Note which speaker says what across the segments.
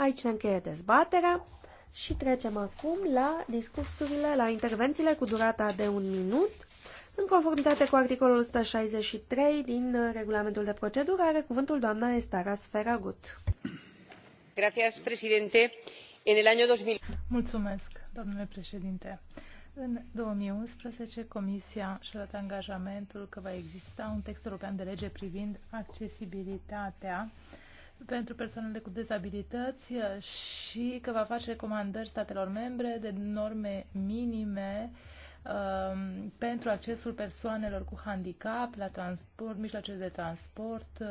Speaker 1: Aici se încheie dezbaterea și trecem acum la discursurile, la intervențiile cu durata de un minut. În conformitate cu articolul 163 din regulamentul de procedură, are cuvântul doamna Estara Sferagut. Gracias, presidente. En el año 2000... Mulțumesc,
Speaker 2: domnule președinte. În 2011, Comisia și-a dat angajamentul că va exista un text european de lege privind accesibilitatea uh, pentru persoanele cu dezabilități și că va face recomandări statelor membre de norme minime um, pentru accesul persoanelor cu handicap la transport, mijloace de transport, uh,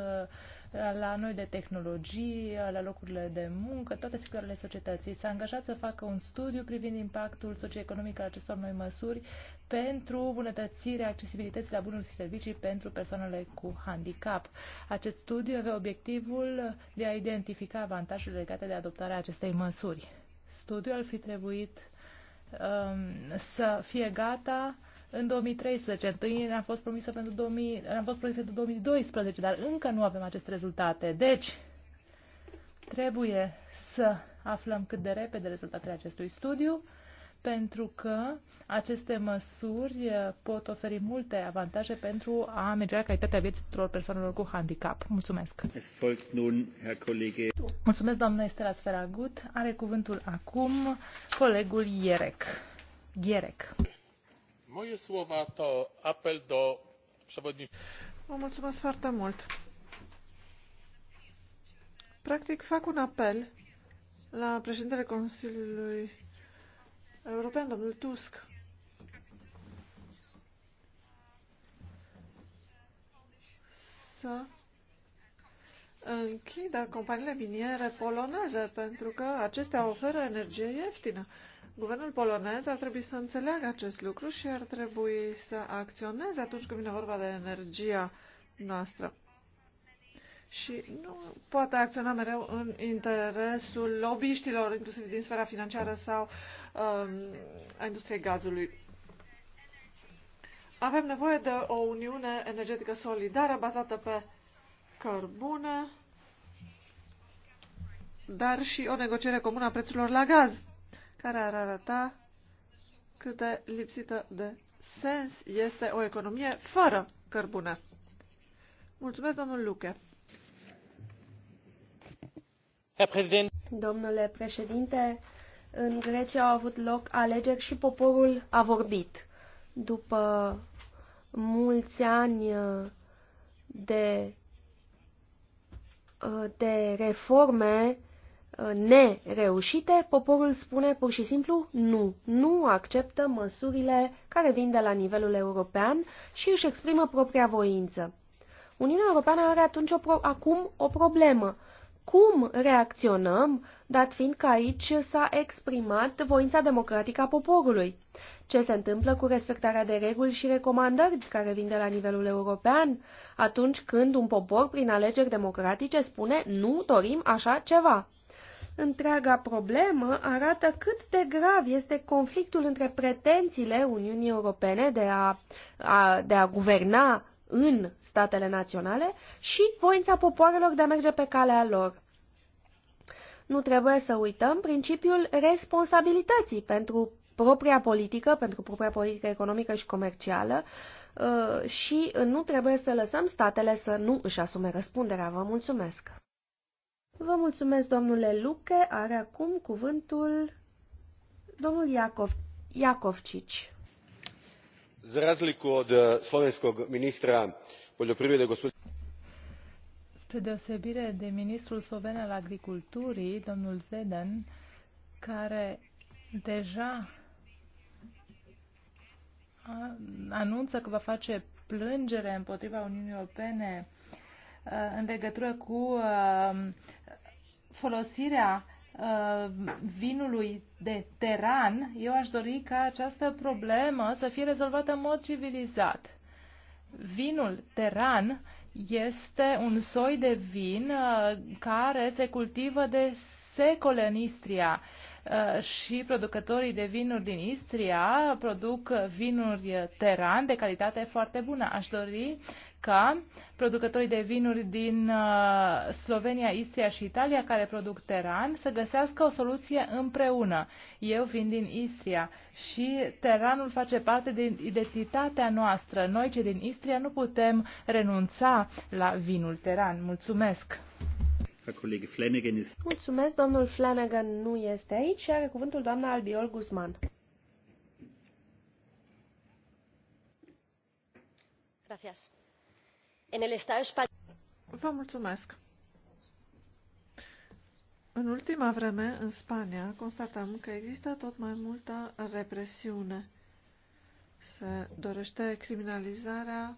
Speaker 2: la noi de tehnologii, la locurile de muncă, toate sectoarele societății. S-a angajat să facă un studiu privind impactul socioeconomic al acestor noi măsuri pentru bunătățirea accesibilității la bunuri și servicii pentru persoanele cu handicap. Acest studiu avea obiectivul de a identifica avantajele legate de adoptarea acestei măsuri. Studiul ar fi trebuit um, să fie gata în 2013. Întâi am fost promisă pentru 2000, am fost promisă pentru 2012, dar încă nu avem aceste rezultate. Deci, trebuie să aflăm cât de repede rezultatele acestui studiu, pentru că aceste măsuri eh, pot oferi multe avantaje pentru a ameliora calitatea vieții tuturor persoanelor cu handicap. Mulțumesc! Mulțumesc, doamna Estela Sferagut. Are cuvântul acum colegul Ierec.
Speaker 3: Gherec. Moje słowa to apel do przewodniczącego. Practic, fac un apel la președintele Consiliului European, domnul Tusk, să închidă companiile miniere poloneze, pentru că acestea oferă energie ieftină. Guvernul polonez ar trebui să înțeleagă acest lucru și ar trebui să acționeze atunci când vine vorba de energia noastră. Și nu poate acționa mereu în interesul lobbyiștilor, inclusiv din sfera financiară sau um, a industriei gazului. Avem nevoie de o uniune energetică solidară bazată pe cărbune, dar și o negociere comună a prețurilor la gaz, care ar arăta cât de lipsită de sens este o economie fără cărbune.
Speaker 1: Mulțumesc, domnul Luche. Domnule președinte, în Grecia au avut loc alegeri și poporul a vorbit. După mulți ani uh, de, uh, de reforme, Uh, nereușite, poporul spune pur și simplu nu, nu acceptă măsurile care vin de la nivelul european și își exprimă propria voință. Uniunea Europeană are atunci o pro- acum o problemă. Cum reacționăm, dat fiind că aici s-a exprimat voința democratică a poporului? Ce se întâmplă cu respectarea de reguli și recomandări care vin de la nivelul european atunci când un popor prin alegeri democratice spune nu dorim așa ceva? Întreaga problemă arată cât de grav este conflictul între pretențiile Uniunii Europene de a, a, de a guverna în statele naționale și voința popoarelor de a merge pe calea lor. Nu trebuie să uităm principiul responsabilității pentru propria politică, pentru propria politică economică și comercială uh, și nu trebuie să lăsăm statele să nu își asume răspunderea. Vă mulțumesc! Vă mulțumesc, domnule Luche. Are acum cuvântul domnul Iacov, Iacovcici. Za razliku od eh, slovenskog ministra poljoprivrede, gospodin...
Speaker 2: Spre deosebire de ministrul sloven al agriculturii, domnul Zeden, care deja anunță că va face plângere împotriva Uniunii Europene eh, în legătură cu eh, folosirea uh, vinului de teran, eu aș dori ca această problemă să fie rezolvată în mod civilizat. Vinul teran este un soi de vin uh, care se cultivă de secole în Istria uh, și producătorii de vinuri din Istria produc vinuri teran de calitate foarte bună. Aș dori ca producătorii de vinuri din uh, Slovenia, Istria și Italia care produc teran să găsească o soluție împreună. Eu vin din Istria și teranul face parte din identitatea noastră. Noi, cei din Istria, nu putem renunța la vinul teran. Mulțumesc! Mulțumesc,
Speaker 1: domnul Flanagan nu este aici și are cuvântul doamna Albiol Guzman. Gracias în el Estado español.
Speaker 3: Vă mulțumesc. În ultima vreme, în Spania, constatăm că există tot mai multă represiune. Se dorește criminalizarea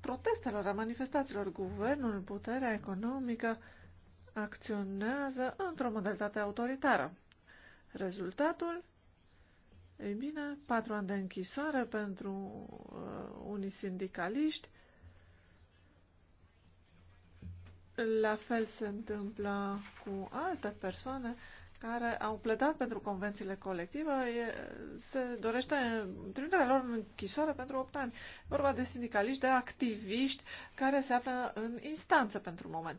Speaker 3: protestelor, a manifestațiilor. Guvernul, puterea economică acționează într-o modalitate autoritară. Rezultatul? Ei bine, patru ani de închisoare pentru uh, unii sindicaliști, La fel se întâmplă cu alte persoane care au plătat pentru convențiile colective. E, se dorește trimiterea lor în închisoare pentru 8 ani. vorba de sindicaliști, de activiști care se află în instanță pentru moment.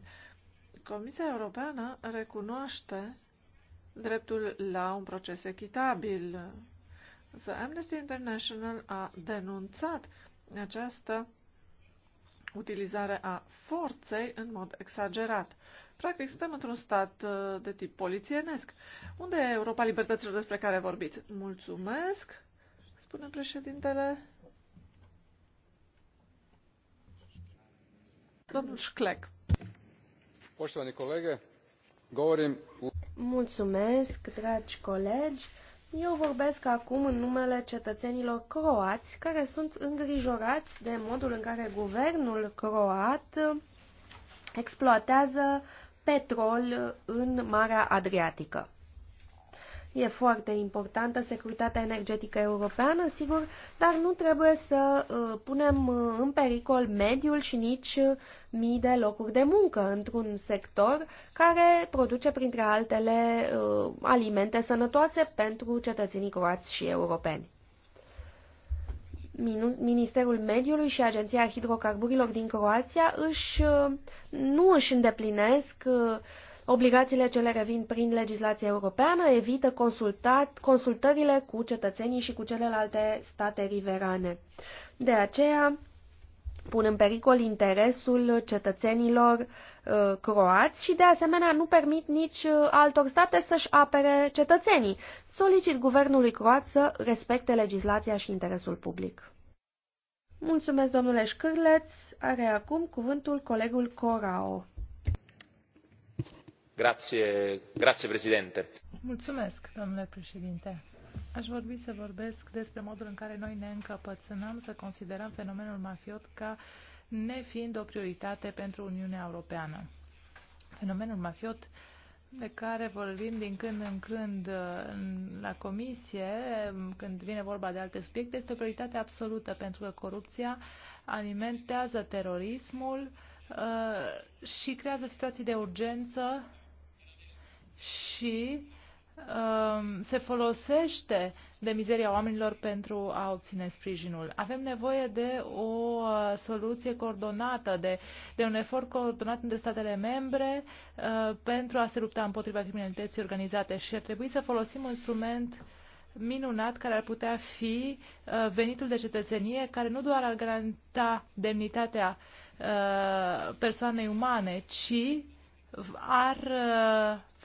Speaker 3: Comisia Europeană recunoaște dreptul la un proces echitabil. The Amnesty International a denunțat această utilizare a forței în mod exagerat. Practic, suntem într-un stat uh, de tip polițienesc. Unde e Europa Libertăților despre care vorbiți? Mulțumesc, spune președintele. Domnul Șclec.
Speaker 1: Poștovani colegi, govorim... Mulțumesc, dragi colegi. Eu vorbesc acum în numele cetățenilor croați care sunt îngrijorați de modul în care guvernul croat exploatează petrol în Marea Adriatică. E foarte importantă securitatea energetică europeană, sigur, dar nu trebuie să uh, punem uh, în pericol mediul și nici uh, mii de locuri de muncă într-un sector care produce, printre altele, uh, alimente sănătoase pentru cetățenii croați și europeni. Ministerul Mediului și Agenția Hidrocarburilor din Croația își, uh, nu își îndeplinesc uh, Obligațiile ce le revin prin legislația europeană evită consultat, consultările cu cetățenii și cu celelalte state riverane. De aceea, pun în pericol interesul cetățenilor uh, croați și, de asemenea, nu permit nici uh, altor state să-și apere cetățenii. Solicit guvernului croat să respecte legislația și interesul public. Mulțumesc, domnule Șcârleț. Are acum cuvântul colegul Corao.
Speaker 2: Mulțumesc, domnule președinte. Aș vorbi să vorbesc despre modul în care noi ne încăpățânăm să considerăm fenomenul mafiot ca nefiind o prioritate pentru Uniunea Europeană. Fenomenul mafiot de care vorbim din când în când uh, la comisie, când vine vorba de alte subiecte, este o prioritate absolută pentru că corupția alimentează terorismul uh, și creează situații de urgență și um, se folosește de mizeria oamenilor pentru a obține sprijinul. Avem nevoie de o uh, soluție coordonată, de, de un efort coordonat între statele membre uh, pentru a se lupta împotriva criminalității organizate și ar trebui să folosim un instrument minunat care ar putea fi uh, venitul de cetățenie, care nu doar ar garanta demnitatea uh, persoanei umane, ci ar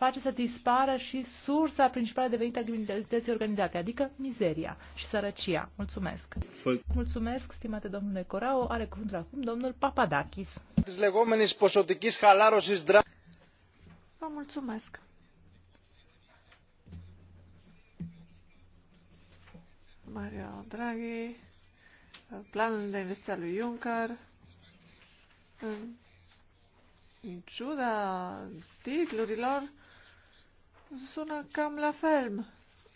Speaker 2: face să dispară și sursa principală de venit a criminalității organizate, adică mizeria și sărăcia. Mulțumesc. Mulțumesc, stimate domnule Corao. Are cuvântul acum domnul Papadakis.
Speaker 3: Vă mulțumesc. Mario Draghi, planul de investiție lui Juncker, în ciuda titlurilor, sună cam la fel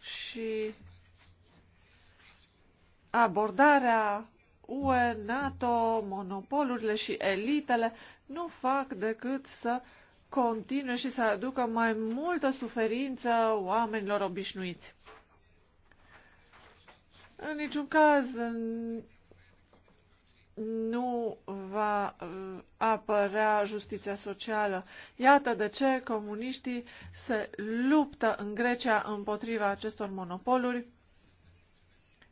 Speaker 3: și abordarea UE, NATO, monopolurile și elitele nu fac decât să continue și să aducă mai multă suferință oamenilor obișnuiți. În niciun caz nu va uh, apărea justiția socială. Iată de ce comuniștii se luptă în Grecia împotriva acestor monopoluri.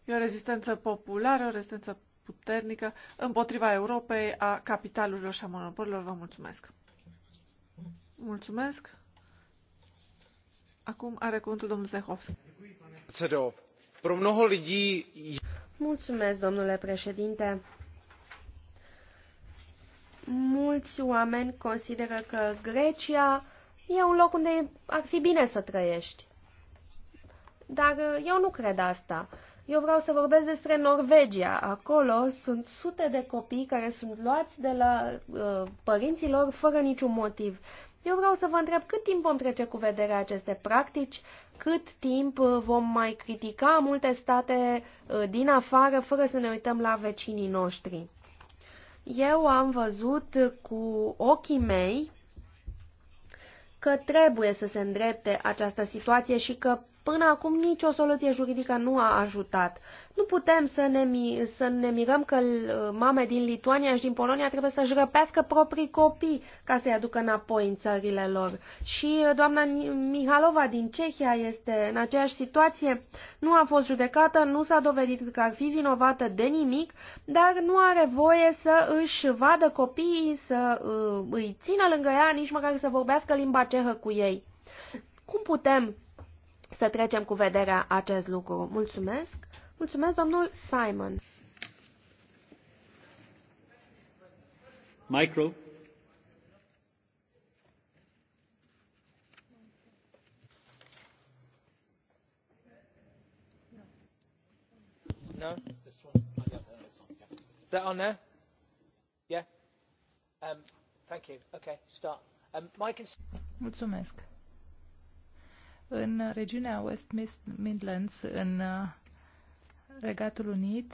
Speaker 3: E o rezistență populară, o rezistență puternică împotriva Europei, a capitalurilor și a monopolurilor. Vă mulțumesc! Mulțumesc!
Speaker 1: Acum are cuvântul domnul Zehovski. Mulțumesc, domnule președinte mulți oameni consideră că Grecia e un loc unde ar fi bine să trăiești. Dar eu nu cred asta. Eu vreau să vorbesc despre Norvegia. Acolo sunt sute de copii care sunt luați de la uh, părinții lor fără niciun motiv. Eu vreau să vă întreb cât timp vom trece cu vederea aceste practici, cât timp uh, vom mai critica multe state uh, din afară fără să ne uităm la vecinii noștri. Eu am văzut cu ochii mei că trebuie să se îndrepte această situație și că Până acum nicio soluție juridică nu a ajutat. Nu putem să ne, să ne mirăm că uh, mame din Lituania și din Polonia trebuie să-și răpească proprii copii ca să-i aducă înapoi în țările lor. Și uh, doamna Mihalova din Cehia este în aceeași situație. Nu a fost judecată, nu s-a dovedit că ar fi vinovată de nimic, dar nu are voie să își vadă copiii, să uh, îi țină lângă ea, nici măcar să vorbească limba cehă cu ei. Cum putem să trecem cu vederea acest lucru. Mulțumesc! Mulțumesc, domnul Simon! Micro.
Speaker 2: No? This one? Oh, yeah, that's on, yeah. Is that on now? Yeah? Um, thank you. Okay, start. Um, my Mulțumesc. În regiunea West Midlands, în uh, Regatul Unit,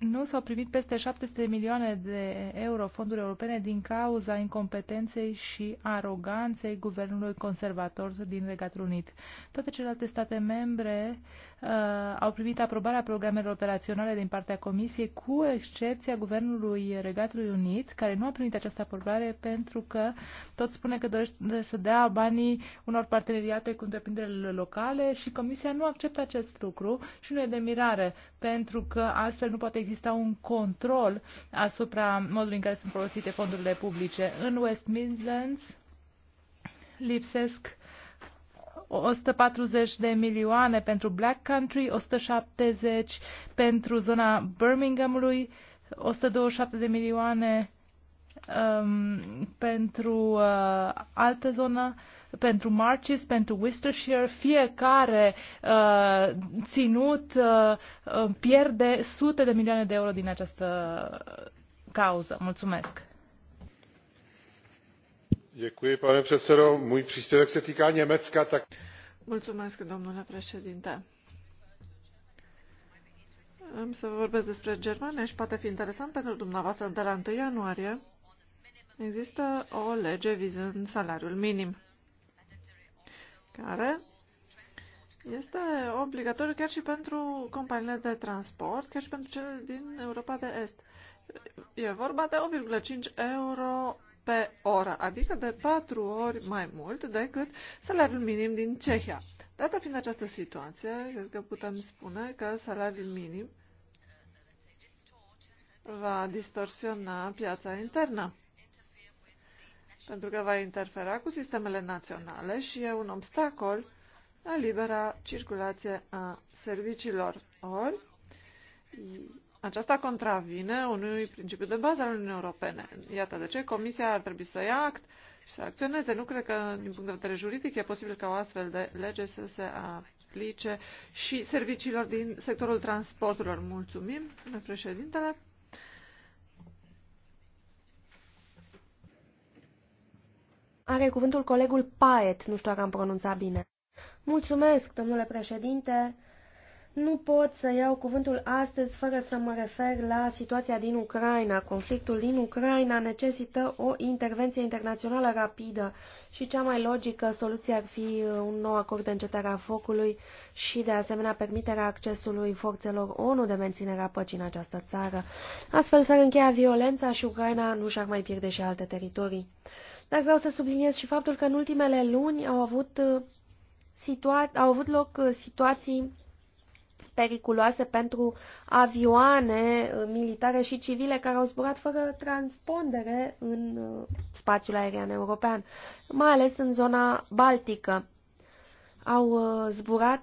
Speaker 2: nu s-au primit peste 700 milioane de euro fonduri europene din cauza incompetenței și aroganței guvernului conservator din Regatul Unit. Toate celelalte state membre uh, au primit aprobarea programelor operaționale din partea Comisiei, cu excepția guvernului Regatului Unit, care nu a primit această aprobare pentru că tot spune că dorește să dea banii unor parteneriate cu întreprinderile locale și Comisia nu acceptă acest lucru și nu e de mirare, pentru că astfel nu poate exista un control asupra modului în care sunt folosite fondurile publice. În West Midlands lipsesc 140 de milioane pentru Black Country, 170 pentru zona Birminghamului, 127 de milioane um, pentru uh, altă zonă. Uh, pentru Marches, pentru Worcestershire, fiecare uh, ținut uh, uh, pierde sute de milioane de euro din această cauză. Mulțumesc.
Speaker 1: Děkuji, pane předsedo. Můj příspěvek se týká Německa, tak...
Speaker 3: Mulțumesc, domnule președinte. Am să vorbesc despre Germania și poate fi interesant pentru dumneavoastră de la 1 ianuarie. Există o lege vizând salariul minim care este obligatoriu chiar și pentru companiile de transport, chiar și pentru cele din Europa de Est. E vorba de 1,5 euro pe oră, adică de 4 ori mai mult decât salariul minim din Cehia. Dată fiind această situație, cred că putem spune că salariul minim va distorsiona piața internă pentru că va interfera cu sistemele naționale și e un obstacol la libera circulație a serviciilor. Ori, aceasta contravine unui principiu de bază al Uniunii Europene. Iată de ce Comisia ar trebui să ia act și să acționeze. Nu cred că, din punct de vedere juridic, e posibil ca o astfel de lege să se aplice și serviciilor din sectorul transporturilor. Mulțumim, președintele.
Speaker 1: Are cuvântul colegul Paet, nu știu dacă am pronunțat bine. Mulțumesc, domnule președinte. Nu pot să iau cuvântul astăzi fără să mă refer la situația din Ucraina. Conflictul din Ucraina necesită o intervenție internațională rapidă și cea mai logică soluție ar fi un nou acord de încetare a focului și de asemenea permiterea accesului forțelor ONU de menținerea păcii în această țară. Astfel s-ar încheia violența și Ucraina nu și-ar mai pierde și alte teritorii dar vreau să subliniez și faptul că în ultimele luni au avut, uh, situa au avut loc uh, situații periculoase pentru avioane uh, militare și civile care au zburat fără transpondere în spațiul aerian european, mai ales în zona baltică. Au zburat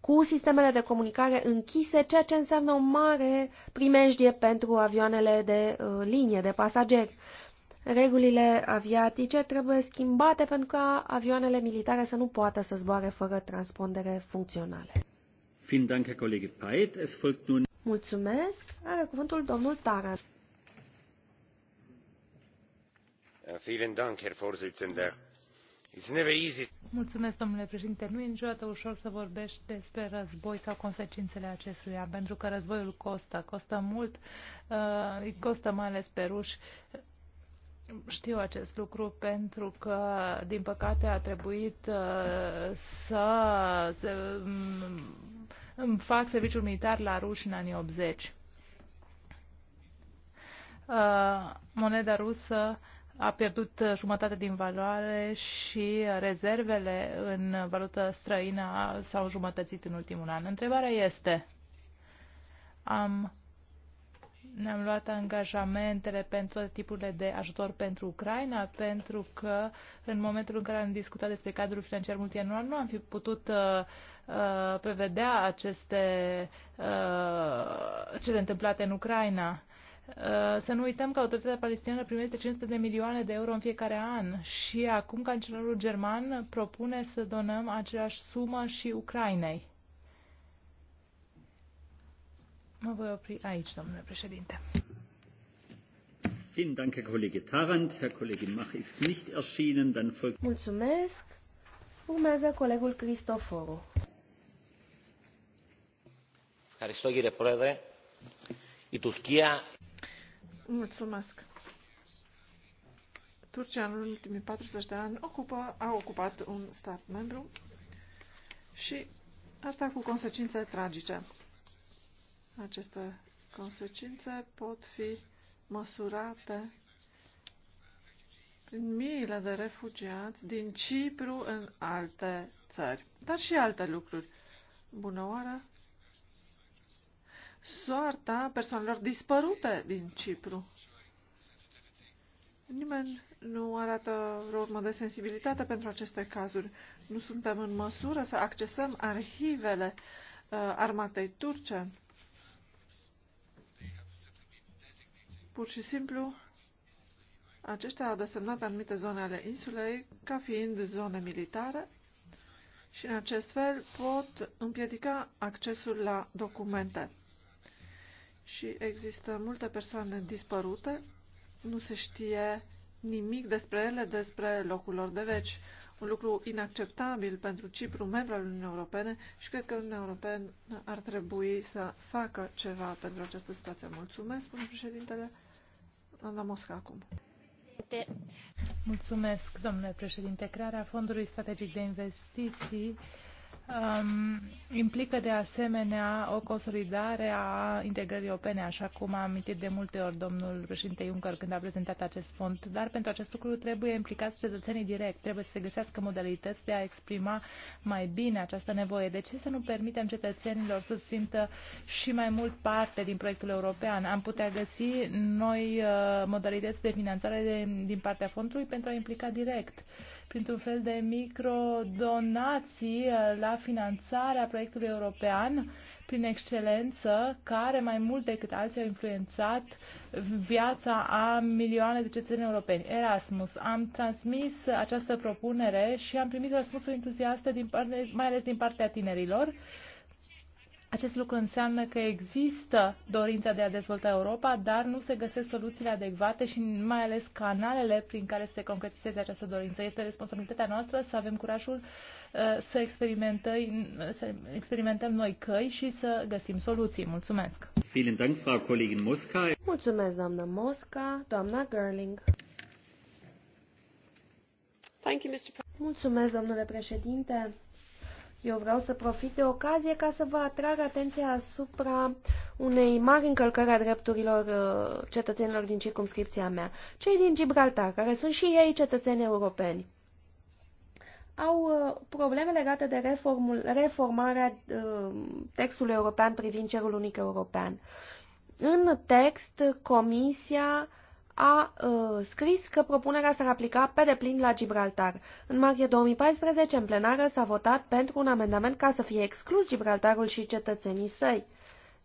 Speaker 1: cu sistemele de comunicare închise, ceea ce înseamnă o mare primejdie pentru avioanele de linie, de pasageri. Regulile aviatice trebuie schimbate pentru ca avioanele militare să nu poată să zboare fără transpondere funcționale. Mulțumesc. Are cuvântul domnul Taras. Uh,
Speaker 2: Mulțumesc, domnule președinte. Nu e niciodată ușor să vorbești despre război sau consecințele acestuia, pentru că războiul costă. Costă mult, uh, costă mai ales pe ruși știu acest lucru pentru că, din păcate, a trebuit uh, să, să mm, îmi fac serviciul militar la ruși în anii 80. Uh, moneda rusă a pierdut jumătate din valoare și rezervele în valută străină s-au jumătățit în ultimul an. Întrebarea este, am ne-am luat angajamentele pentru toate tipurile de ajutor pentru Ucraina, pentru că în momentul în care am discutat despre cadrul financiar multianual nu am fi putut uh, uh, prevedea aceste uh, cele întâmplate în Ucraina. Uh, să nu uităm că autoritatea palestiniană primește 500 de milioane de euro în fiecare an și acum cancelarul german propune să donăm aceeași sumă și Ucrainei. Mă voi opri aici, domnule președinte.
Speaker 1: Mulțumesc. Urmează colegul Cristoforu.
Speaker 3: Mulțumesc. Turcia în ultimii 40 de ani ocupă, a ocupat un stat membru și asta cu consecințe tragice. Aceste consecințe pot fi măsurate prin miile de refugiați din Cipru în alte țări, dar și alte lucruri. Bună oară! Soarta persoanelor dispărute din Cipru. Nimeni nu arată o urmă de sensibilitate pentru aceste cazuri. Nu suntem în măsură să accesăm arhivele uh, armatei turce. Pur și simplu, aceștia au desemnat anumite zone ale insulei ca fiind zone militare și în acest fel pot împiedica accesul la documente. Și există multe persoane dispărute, nu se știe nimic despre ele, despre locul lor de veci. Un lucru inacceptabil pentru Cipru, membru al Uniunii Europene și cred că Uniunea Europeană ar trebui să facă ceva pentru această situație. Mulțumesc, spune președintele. Doamna Mosca acum.
Speaker 2: Mulțumesc, domnule președinte. Crearea Fondului Strategic de Investiții um, implică de asemenea o consolidare a integrării europene, așa cum a amintit de multe ori domnul președinte Juncker când a prezentat acest fond. Dar pentru acest lucru trebuie implicați cetățenii direct, trebuie să se găsească modalități de a exprima mai bine această nevoie. De ce să nu permitem cetățenilor să simtă și mai mult parte din proiectul european? Am putea găsi noi uh, modalități de finanțare de, din partea fondului pentru a implica direct. Uh, printr-un fel de microdonații uh, la finanțarea proiectului european prin excelență, care mai mult decât alții au influențat viața a milioane de cetățeni europeni. Erasmus. Am transmis această propunere și am primit răspunsuri entuziaste, din, mai ales din partea tinerilor acest lucru înseamnă că există dorința de a dezvolta Europa, dar nu se găsesc soluțiile adecvate și mai ales canalele prin care se concretizeze această dorință. Este responsabilitatea noastră să avem curajul uh, să experimentăm, să experimentăm noi căi și să găsim soluții. Mulțumesc! Mulțumesc, doamna
Speaker 1: Mosca, doamna Gerling. Mulțumesc, domnule președinte. Eu vreau să profit de ocazie ca să vă atrag atenția asupra unei mari încălcări a drepturilor uh, cetățenilor din circumscripția mea. Cei din Gibraltar, care sunt și ei cetățeni europeni, au uh, probleme legate de reformul, reformarea uh, textului european privind cerul unic european. În text, Comisia a uh, scris că propunerea s-ar aplica pe deplin la Gibraltar. În martie 2014, în plenară, s-a votat pentru un amendament ca să fie exclus Gibraltarul și cetățenii săi.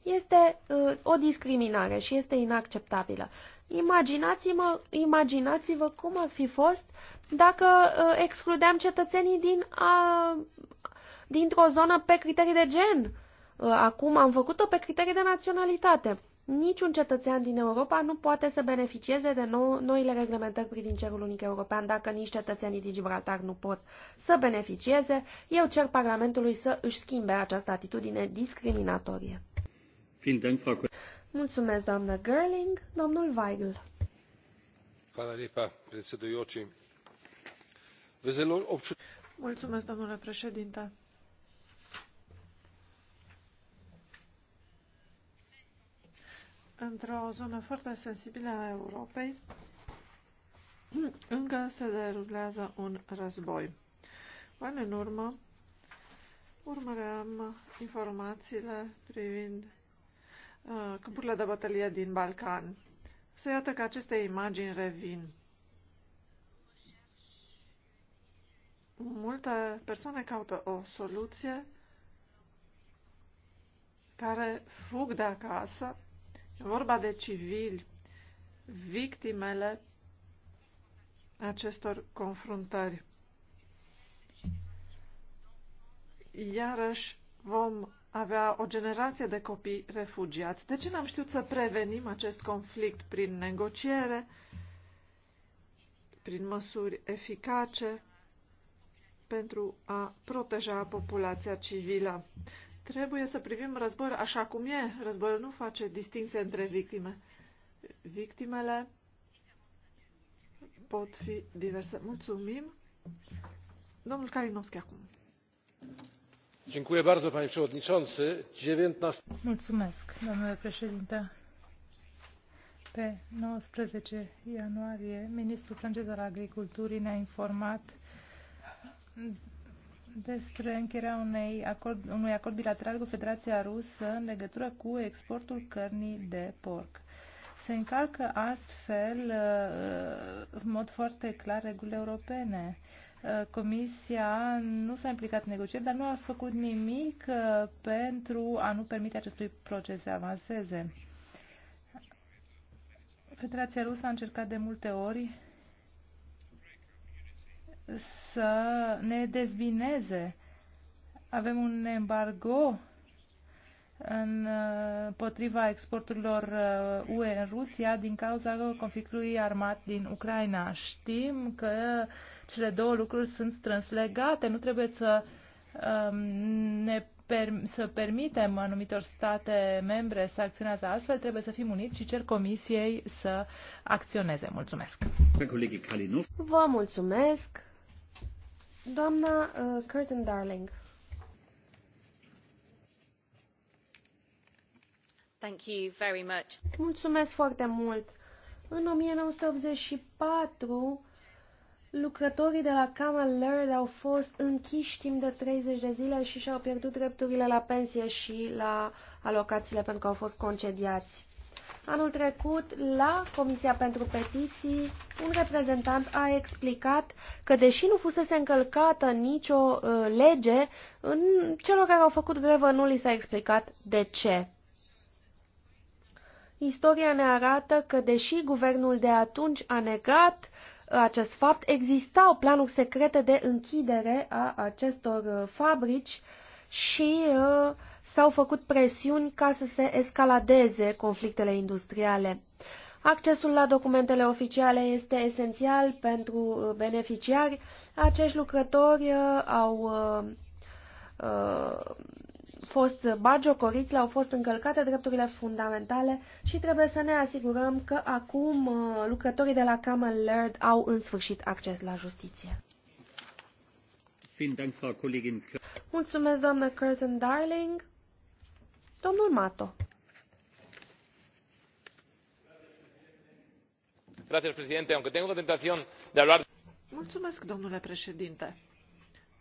Speaker 1: Este uh, o discriminare și este inacceptabilă. Imaginați-vă, imaginați-vă cum ar fi fost dacă uh, excludeam cetățenii din, uh, dintr-o zonă pe criterii de gen. Uh, acum am făcut-o pe criterii de naționalitate. Niciun cetățean din Europa nu poate să beneficieze de nou, noile reglementări privind cerul unic european dacă nici cetățenii din Gibraltar nu pot să beneficieze. Eu cer Parlamentului să își schimbe această atitudine discriminatorie. Mulțumesc, doamnă Gerling. Domnul Weigl.
Speaker 3: Mulțumesc, domnule președinte. într-o zonă foarte sensibilă a Europei, încă se derulează un război. Până în urmă, urmăream informațiile privind uh, câmpurile de bătălie din Balcan. Se iată că aceste imagini revin. Multe persoane caută o soluție care fug de acasă vorba de civili, victimele acestor confruntări. Iarăși vom avea o generație de copii refugiați. De ce n-am știut să prevenim acest conflict prin negociere, prin măsuri eficace pentru a proteja populația civilă? Trebuie să privim războiul așa cum e. Războiul nu face distinție între victime. Victimele pot fi diverse. Mulțumim. Domnul Kalinowski acum. Dziękuję bardzo, panie przewodniczący. 19...
Speaker 2: Mulțumesc, domnule președinte. Pe 19 ianuarie, ministrul francez al agriculturii ne-a informat despre încheierea unei acord, unui acord bilateral cu Federația Rusă în legătură cu exportul cărnii de porc. Se încalcă astfel uh, în mod foarte clar regulile europene. Uh, Comisia nu s-a implicat în negocieri, dar nu a făcut nimic uh, pentru a nu permite acestui proces să avanseze. Federația Rusă a încercat de multe ori să ne dezbineze. Avem un embargo în, împotriva uh, exporturilor UE uh, în Rusia din cauza conflictului armat din Ucraina. Știm că cele două lucruri sunt strâns legate. Nu trebuie să um, ne să permitem anumitor state membre să acționează astfel, trebuie să fim uniți și cer Comisiei să
Speaker 1: acționeze. Mulțumesc! Vă mulțumesc! Doamna uh, Curtin Darling.
Speaker 3: Thank you very much.
Speaker 1: Mulțumesc foarte mult. În 1984, lucrătorii de la Camel Laird au fost închiși timp de 30 de zile și și-au pierdut drepturile la pensie și la alocațiile pentru că au fost concediați. Anul trecut, la Comisia pentru Petiții, un reprezentant a explicat că, deși nu fusese încălcată nicio uh, lege, în celor care au făcut grevă nu li s-a explicat de ce. Istoria ne arată că, deși guvernul de atunci a negat uh, acest fapt, existau planuri secrete de închidere a acestor uh, fabrici și uh, s-au făcut presiuni ca să se escaladeze conflictele industriale. Accesul la documentele oficiale este esențial pentru uh, beneficiari. Acești lucrători uh, au uh, fost bagiocoriți, le-au fost încălcate drepturile fundamentale și trebuie să ne asigurăm că acum lucrătorii de la Camel Laird au în sfârșit acces la justiție. Mulțumesc, doamnă Curtin Darling. Domnul Mato.
Speaker 3: Mulțumesc, domnule președinte.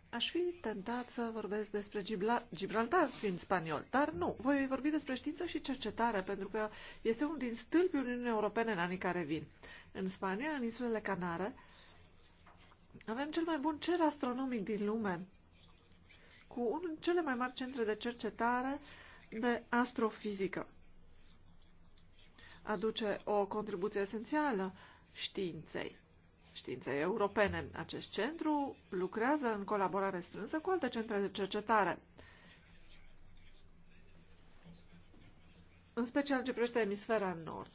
Speaker 3: Aș fi tentat să vorbesc despre Gibraltar fiind spaniol, dar nu. Voi vorbi despre știință și cercetare, pentru că este unul din stâlpii Uniunii Europene în anii care vin. În Spania, în insulele Canare, avem cel mai bun cer astronomic din lume, cu unul dintre cele mai mari centre de cercetare de astrofizică. Aduce o contribuție esențială științei, științei europene. Acest centru lucrează în colaborare strânsă cu alte centre de cercetare. în special ce privește emisfera nord.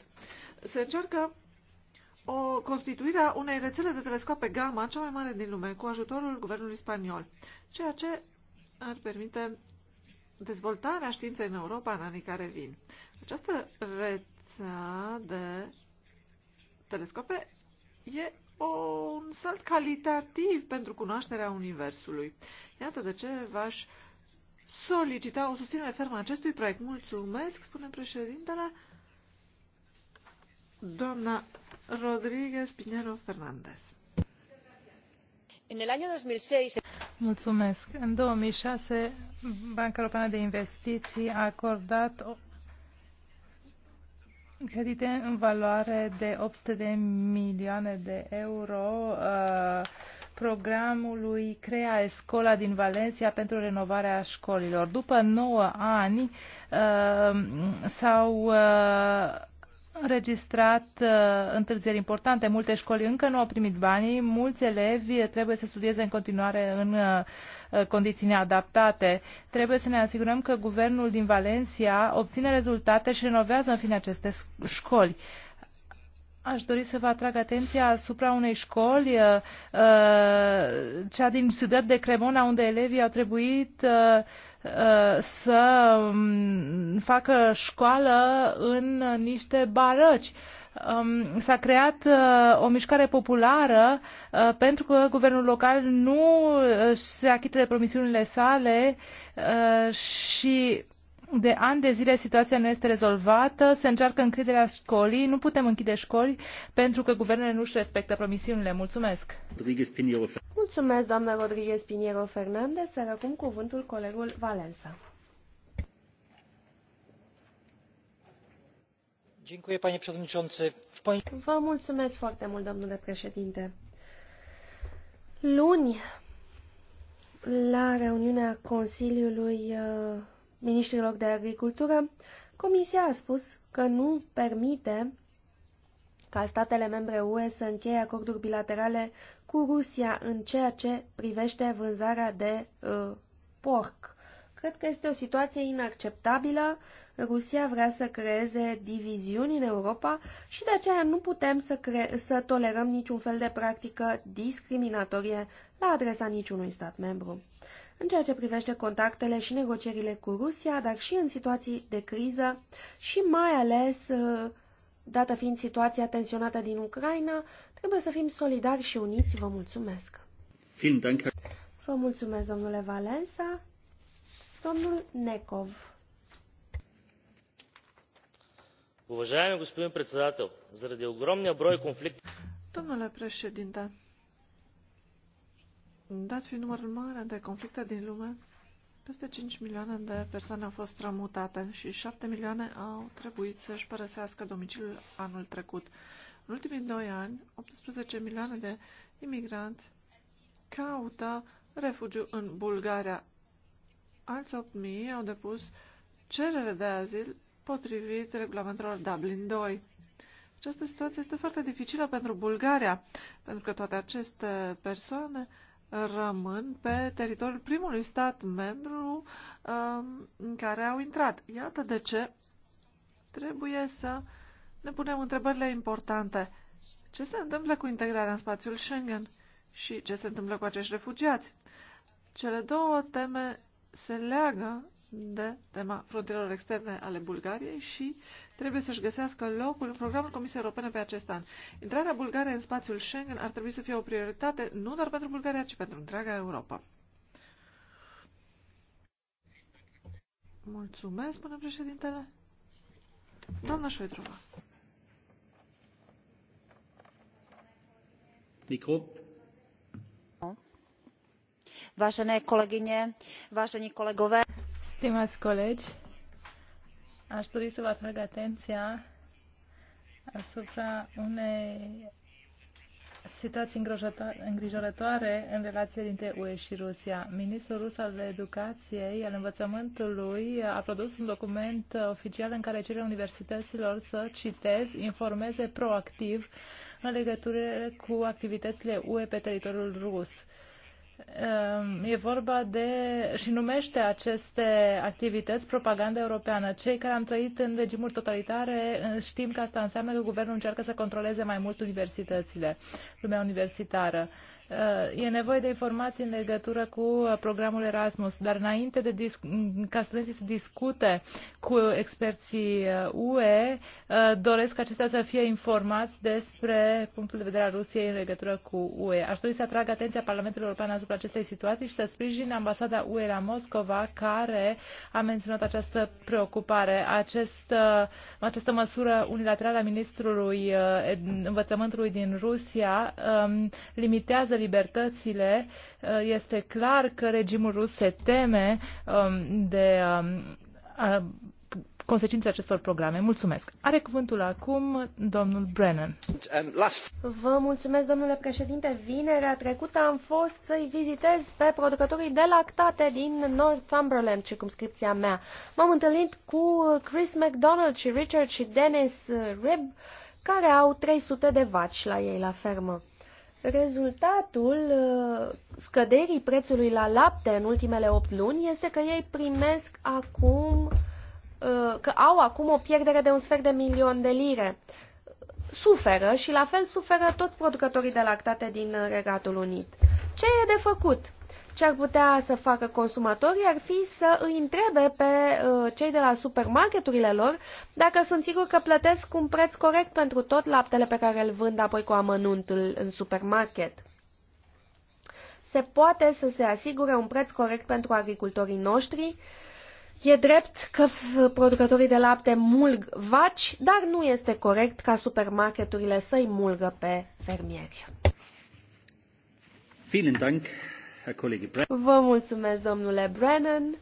Speaker 3: Se încearcă o constituire a unei rețele de telescoape gamma, cea mai mare din lume, cu ajutorul guvernului spaniol, ceea ce ar permite dezvoltarea științei în Europa în anii care vin. Această rețea de telescope e un salt calitativ pentru cunoașterea Universului. Iată de ce v-aș solicita o susținere fermă acestui proiect. Mulțumesc, spune președintele, doamna Rodríguez Pinero Fernández.
Speaker 2: În două În șase Banca Europeană de Investiții a acordat credite în valoare de sute de milioane de euro uh, programului Crea Escola din Valencia pentru renovarea școlilor. După nouă ani uh, s-au uh, înregistrat uh, întârzieri importante. Multe școli încă nu au primit banii, mulți elevi trebuie să studieze în continuare în uh, condiții neadaptate. Trebuie să ne asigurăm că guvernul din Valencia obține rezultate și renovează în fine aceste școli. Uh, Aș dori să vă atrag atenția asupra unei școli, uh, uh, cea din Sudet de Cremona, unde elevii au trebuit uh, să um, facă școală în niște barăci. Um, s-a creat o mișcare populară pentru că guvernul local nu se achită de promisiunile sale și de ani de zile situația nu este rezolvată, se încearcă închiderea școlii, nu putem închide școli pentru că guvernele nu își respectă promisiunile. Mulțumesc!
Speaker 1: Mulțumesc, doamna Rodriguez Piniero Fernandez, Să acum cuvântul colegul Valensa. Vă mulțumesc foarte mult, domnule președinte. Luni, la reuniunea Consiliului uh, ministrilor de agricultură, Comisia a spus că nu permite ca statele membre UE să încheie acorduri bilaterale cu Rusia în ceea ce privește vânzarea de uh, porc. Cred că este o situație inacceptabilă. Rusia vrea să creeze diviziuni în Europa și de aceea nu putem să, cre- să tolerăm niciun fel de practică discriminatorie la adresa niciunui stat membru în ceea ce privește contactele și negocierile cu Rusia, dar și în situații de criză și mai ales, uh, dată fiind situația tensionată din Ucraina, trebuie să fim solidari și uniți. Vă mulțumesc! Vă mulțumesc, domnule Valensa. Domnul Necov. Уважаеми господин председател, заради огромния брой конфликти...
Speaker 3: Domnule președinte, Dat fiind numărul mare de conflicte din lume, peste 5 milioane de persoane au fost strămutate și 7 milioane au trebuit să-și părăsească domiciliul anul trecut. În ultimii doi ani, 18 milioane de imigranți caută refugiu în Bulgaria. Alți 8.000 au depus cerere de azil potrivit regulamentelor Dublin 2. Această situație este foarte dificilă pentru Bulgaria, pentru că toate aceste persoane rămân pe teritoriul primului stat membru um, în care au intrat. Iată de ce trebuie să ne punem întrebările importante. Ce se întâmplă cu integrarea în spațiul Schengen și ce se întâmplă cu acești refugiați? Cele două teme se leagă de tema frontierelor externe ale Bulgariei și trebuie să-și găsească locul în programul Comisiei Europene pe acest an. Intrarea Bulgariei în spațiul Schengen ar trebui să fie o prioritate nu doar pentru Bulgaria, ci pentru întreaga Europa. Mulțumesc, până președintele. Doamna Șoitrova.
Speaker 1: Micro.
Speaker 2: Vážené kolegyně, vážení kolegové. Stimați colegi, aș dori să vă atrag atenția asupra unei situații îngrijorătoare în relația dintre UE și Rusia. Ministrul rus al educației, al învățământului, a produs un document oficial în care cere universităților să citez, informeze proactiv în legătură cu activitățile UE pe teritoriul rus. Ehm, e vorba de și numește aceste activități propaganda europeană. Cei care am trăit în regimuri totalitare știm că asta înseamnă că guvernul încearcă să controleze mai mult universitățile, lumea universitară. Uh, Uh, e nevoie de informații în legătură cu uh, programul Erasmus, dar înainte de mm, ca studenții să discute cu experții uh, UE, doresc ca acestea să fie informați despre punctul de vedere al Rusiei în legătură cu UE. Aș dori să atrag atenția Parlamentului European asupra acestei situații și să sprijin ambasada UE la Moscova, care a menționat această preocupare. Acest, această măsură unilaterală a ministrului învățământului din Rusia um, limitează libertățile, uh, este clar că regimul rus se teme um, de um, consecințele acestor programe. Mulțumesc. Are cuvântul acum domnul Brennan.
Speaker 3: Um,
Speaker 1: Vă mulțumesc, domnule președinte. Vinerea trecută am fost să-i vizitez pe producătorii de lactate din Northumberland, circumscripția mea. M-am întâlnit cu Chris McDonald și Richard și Dennis Rib, care au 300 de vaci la ei la fermă. Rezultatul uh, scăderii prețului la lapte în ultimele 8 luni este că ei primesc acum, uh, că au acum o pierdere de un sfert de milion de lire. Suferă și la fel suferă toți producătorii de lactate din Regatul Unit. Ce e de făcut? Ce ar putea să facă consumatorii ar fi să îi întrebe pe uh, cei de la supermarketurile lor dacă sunt siguri că plătesc un preț corect pentru tot laptele pe care îl vând apoi cu amănuntul în supermarket. Se poate să se asigure un preț corect pentru agricultorii noștri, E drept că producătorii de lapte mulg vaci, dar nu este corect ca supermarketurile să-i mulgă pe fermieri. Vielen Dank. Vă mulțumesc, domnule Brennan.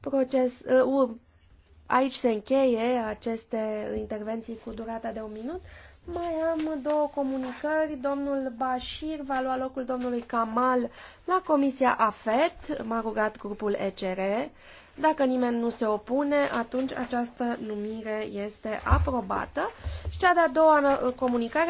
Speaker 1: Proces, uh, aici se încheie aceste intervenții cu durata de un minut. Mai am două comunicări. Domnul Bashir va lua locul domnului Kamal la Comisia AFET, m-a rugat grupul ECR. Dacă nimeni nu se opune, atunci această numire este aprobată. Și cea de-a doua uh, comunicare